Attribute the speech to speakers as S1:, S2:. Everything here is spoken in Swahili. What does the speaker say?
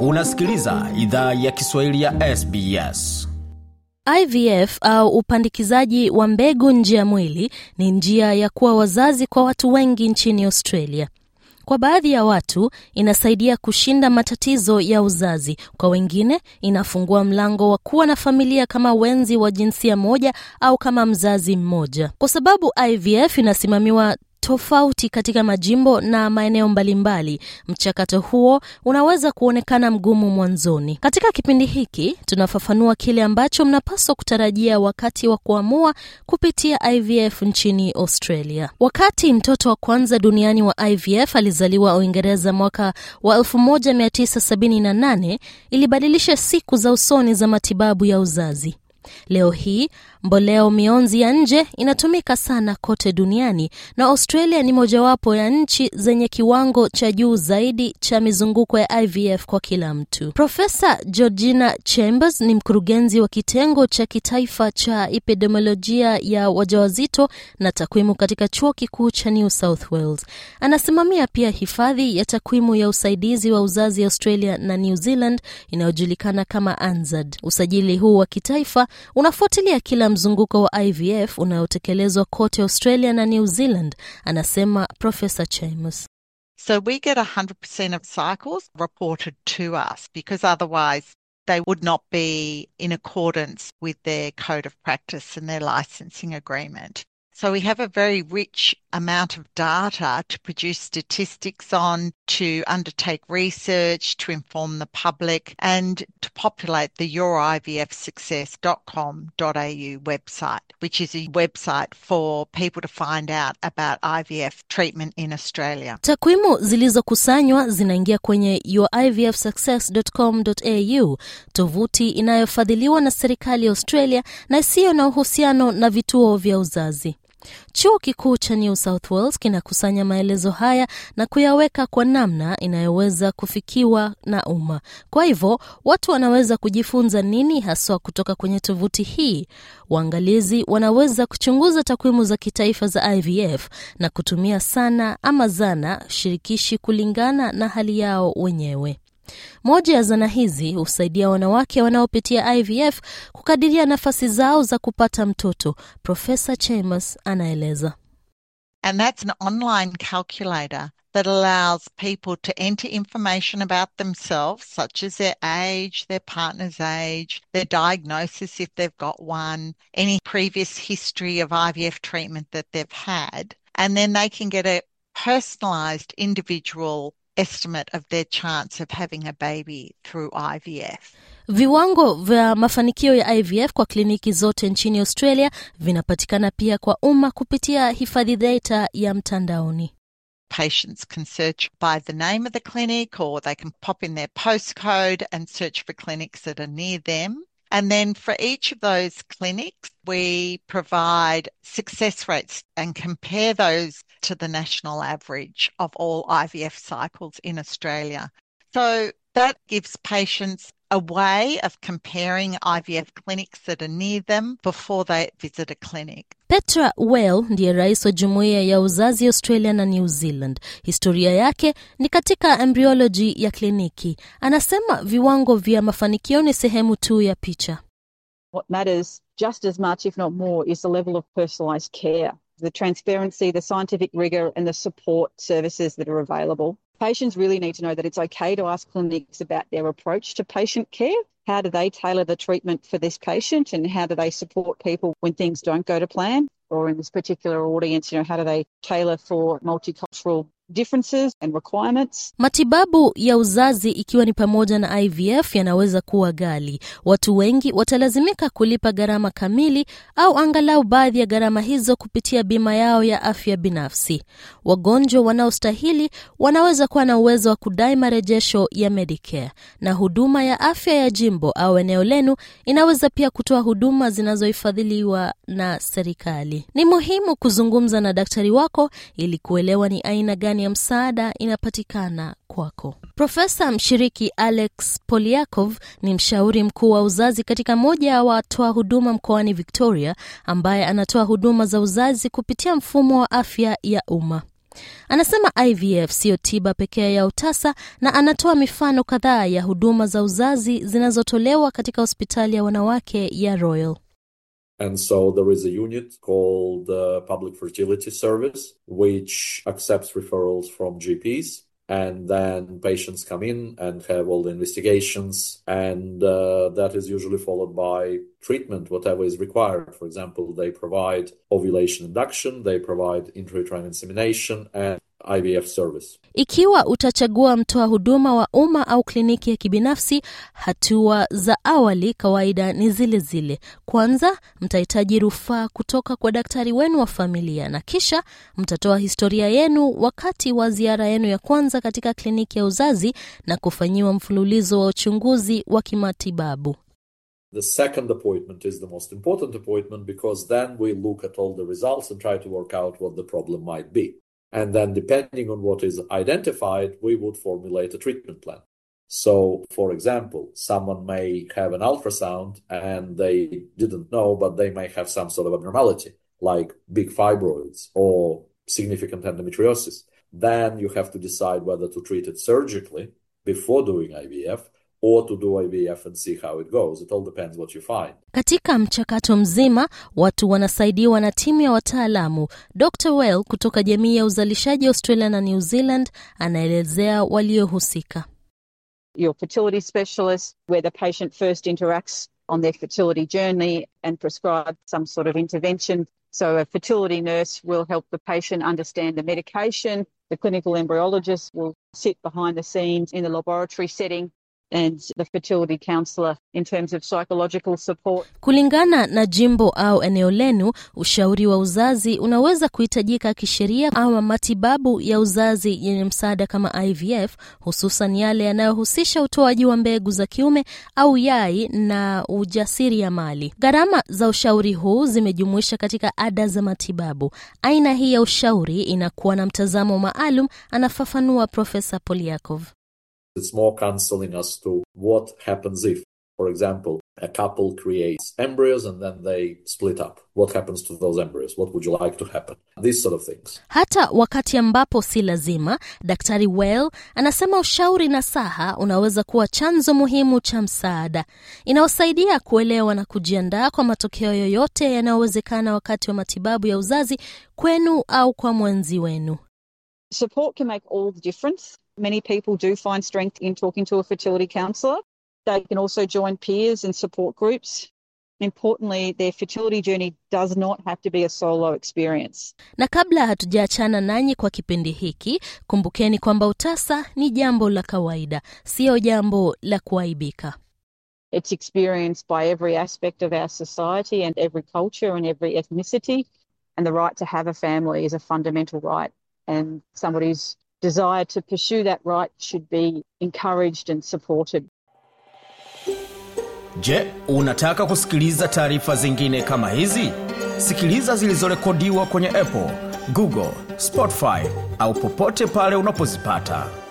S1: Unasikiliza idhaa ya Kiswahili ya SBS. IVF au upandikizaji wa mbegu nje ya mwili ni njia ya kuwa wazazi kwa watu wengi nchini Australia. Kwa baadhi ya watu inasaidia kushinda matatizo ya uzazi, kwa wengine inafungua mlango wa kuwa na familia kama wenzi wa jinsia moja au kama mzazi mmoja. Kwa sababu IVF inasimamiwa tofauti katika majimbo na maeneo mbalimbali. Mchakato huo unaweza kuonekana mgumu mwanzoni. Katika kipindi hiki tunafafanua kile ambacho mnapaswa kutarajia wakati wa kuamua kupitia IVF nchini Australia. Wakati mtoto wa kwanza duniani wa IVF alizaliwa Uingereza mwaka wa 1978, ilibadilisha siku za usoni za matibabu ya uzazi. Leo hii mboleo mionzi ya nje inatumika sana kote duniani na Australia ni mojawapo ya nchi zenye kiwango cha juu zaidi cha mizunguko ya IVF kwa kila mtu. Profesa Georgina Chambers ni mkurugenzi wa kitengo cha kitaifa cha epidemiolojia ya wajawazito na takwimu katika chuo kikuu cha New South Wales. Anasimamia pia hifadhi ya takwimu ya usaidizi wa uzazi Australia na New Zealand inayojulikana kama ANZAD. Usajili huu wa kitaifa Unafuatilia kila mzunguko wa IVF unayotekelezwa kote Australia na New Zealand, anasema Profesa Chambers.
S2: So we get 100% of cycles reported to us because otherwise they would not be in accordance with their code of practice and their licensing agreement. So we have a very rich amount of data to produce statistics on, to undertake research, to inform the public, and to populate the yourivfsuccess.com.au website, which is a website for people to find out about IVF
S1: treatment in Australia. Takwimu zilizokusanywa zinaingia kwenye yourivfsuccess.com.au, tovuti inayofadhiliwa na serikali ya Australia na isiyo na uhusiano na vituo vya uzazi. Chuo kikuu cha New South Wales kinakusanya maelezo haya na kuyaweka kwa namna inayoweza kufikiwa na umma. Kwa hivyo watu wanaweza kujifunza nini haswa kutoka kwenye tovuti hii? Waangalizi wanaweza kuchunguza takwimu za kitaifa za IVF na kutumia sana ama zana shirikishi kulingana na hali yao wenyewe. Moja ya zana hizi husaidia wanawake wanaopitia IVF kukadiria nafasi zao za kupata mtoto. Profesa Chambers anaeleza. And that's an online
S2: calculator that allows people to enter information about themselves, such as their age, their partner's age, their diagnosis if they've got one, any previous history of IVF treatment that they've had. And then they can get a personalized individual estimate of their chance of having a baby through IVF.
S1: Viwango vya mafanikio ya IVF kwa kliniki zote nchini Australia vinapatikana pia kwa umma kupitia hifadhi data ya mtandaoni.
S2: Patients can search by the name of the clinic or they can pop in their postcode and search for clinics that are near them. And then for each of those clinics, we provide success rates and compare those to the national average of all IVF cycles in Australia. So that gives patients a way of comparing IVF clinics that are near them before they visit a clinic.
S1: Petra Well ndiye rais wa jumuiya ya uzazi Australia na New Zealand. Historia yake ni katika embryology ya kliniki. Anasema viwango vya mafanikio ni sehemu tu ya picha.
S3: What matters just as much if not more is the level of personalized care, the transparency, the scientific rigor and the support services that are available. Patients really need to know that it's okay to ask clinics about their approach to patient care. How do they tailor the treatment for this patient and how do they support people when things don't go to plan? Or in this particular audience, you know, how do they tailor for multicultural differences and requirements.
S1: Matibabu ya uzazi ikiwa ni pamoja na IVF yanaweza kuwa ghali. Watu wengi watalazimika kulipa gharama kamili au angalau baadhi ya gharama hizo kupitia bima yao ya afya binafsi. Wagonjwa wanaostahili wanaweza kuwa na uwezo wa kudai marejesho ya Medicare, na huduma ya afya ya jimbo au eneo lenu inaweza pia kutoa huduma zinazohifadhiliwa na serikali. Ni muhimu kuzungumza na daktari wako ili kuelewa ni aina gani imani ya msaada inapatikana kwako. Profesa mshiriki Alex Poliakov ni mshauri mkuu wa uzazi katika moja ya watoa huduma mkoani Victoria, ambaye anatoa huduma za uzazi kupitia mfumo wa afya ya umma. Anasema IVF siyo tiba pekee ya utasa na anatoa mifano kadhaa ya huduma za uzazi zinazotolewa katika hospitali ya wanawake ya Royal.
S4: And so there is a unit called uh, Public Fertility Service, which accepts referrals from GPs. And then patients come in and have all the investigations. And uh, that is usually followed by treatment, whatever is required. For example, they provide ovulation induction, they provide intrauterine insemination, and IVF service.
S1: Ikiwa utachagua mtoa huduma wa umma au kliniki ya kibinafsi, hatua za awali kawaida ni zile zile. Kwanza mtahitaji rufaa kutoka kwa daktari wenu wa familia, na kisha mtatoa historia yenu wakati wa ziara yenu ya kwanza katika kliniki ya uzazi na kufanyiwa mfululizo wa uchunguzi wa kimatibabu.
S4: The second appointment is the most important appointment because then we look at all the results and try to work out what the problem might be. And then, depending on what is identified, we would formulate a treatment plan. So, for example, someone may have an ultrasound and they didn't know, but they may have some sort of abnormality, like big fibroids or significant endometriosis. Then you have to decide whether to treat it surgically before doing IVF or to do IVF and see how it goes. It all depends what you find.
S1: Katika mchakato mzima watu wanasaidiwa na timu ya wataalamu. Dr. Well kutoka jamii ya uzalishaji Australia na New Zealand anaelezea waliohusika.
S3: Your fertility specialist where the patient first interacts on their fertility journey and prescribe some sort of intervention. So a fertility nurse will help the patient understand the medication. The clinical embryologist will sit behind the scenes in the laboratory setting And the fertility counselor in terms of psychological support.
S1: Kulingana na jimbo au eneo lenu, ushauri wa uzazi unaweza kuhitajika kisheria ama matibabu ya uzazi yenye msaada kama IVF, hususan yale yanayohusisha utoaji wa mbegu za kiume au yai na ujasiri ya mali Gharama za ushauri huu zimejumuisha katika ada za matibabu. Aina hii ya ushauri inakuwa na mtazamo maalum, anafafanua Profesa Polyakov.
S4: It's more counseling as to what happens if, for example, a couple creates embryos and then they split up. What happens to those embryos? What would you like to happen? These sort of things.
S1: Hata wakati ambapo si lazima, Daktari Well anasema ushauri na saha unaweza kuwa chanzo muhimu cha msaada inayosaidia kuelewa na kujiandaa kwa matokeo yoyote yanayowezekana wakati wa matibabu ya uzazi kwenu au kwa mwenzi wenu.
S3: Support can make all the difference. Many people do find strength in talking to a fertility counsellor. They can also join peers and support groups importantly their fertility
S1: journey does not have to be a solo experience. Na kabla hatujaachana nanyi kwa kipindi hiki, kumbukeni kwamba utasa ni jambo la kawaida, jambo la kuaibika.
S3: It's experienced by every aspect of our society and every culture and every ethnicity, and the right to have a family is a fundamental right. And somebody's desire to pursue that right should be encouraged and supported.
S1: Je, unataka kusikiliza taarifa zingine kama hizi? Sikiliza zilizorekodiwa kwenye Apple, Google, Spotify au popote pale unapozipata.